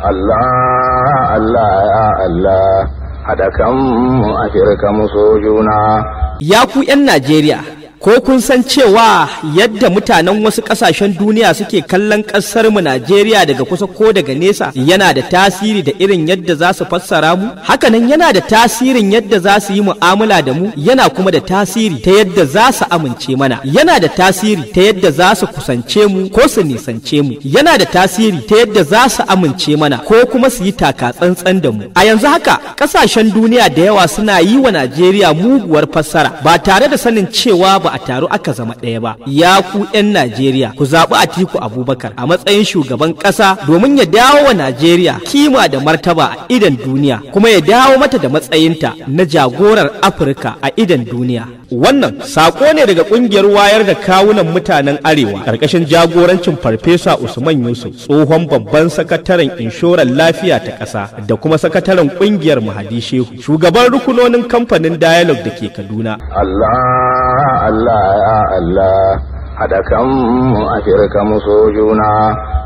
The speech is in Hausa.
Allah Allah ya Allah haɗa kan mu a shirka musu juna. Ya ku 'yan Najeriya Ko kun san cewa yadda mutanen wasu ƙasashen duniya suke kallon mu Najeriya daga kusa ko daga nesa yana da tasiri da irin yadda za su fassara mu? Hakanan yana da tasirin yadda za su yi mu'amala da mu yana kuma da tasiri ta yadda za su amince mana. Yana da tasiri ta yadda za su kusance mu ko su nisance mu. Yana da tasiri ta yadda za su amince mana ko kuma su yi taka tsantsan da mu. A yanzu haka ƙasashen duniya da yawa suna yi wa Najeriya muguwar fassara ba tare da sanin cewa ba a taro aka zama ɗaya ba ya ku 'yan najeriya ku zaɓi atiku abubakar a matsayin shugaban ƙasa domin ya dawo wa najeriya kima da martaba a idan duniya kuma ya dawo mata da matsayinta na jagorar afirka a idan duniya wannan saƙo ne daga ƙungiyar wayar da kawunan mutanen arewa ƙarƙashin jagorancin farfesa usman yusuf tsohon babban sakataren inshorar lafiya ta ƙasa da kuma sakataren ƙungiyar mahadi shehu shugaban rukunonin kamfanin dialog da ke kaduna Allah Allah ya Allah haɗa kanmu a shirka musu juna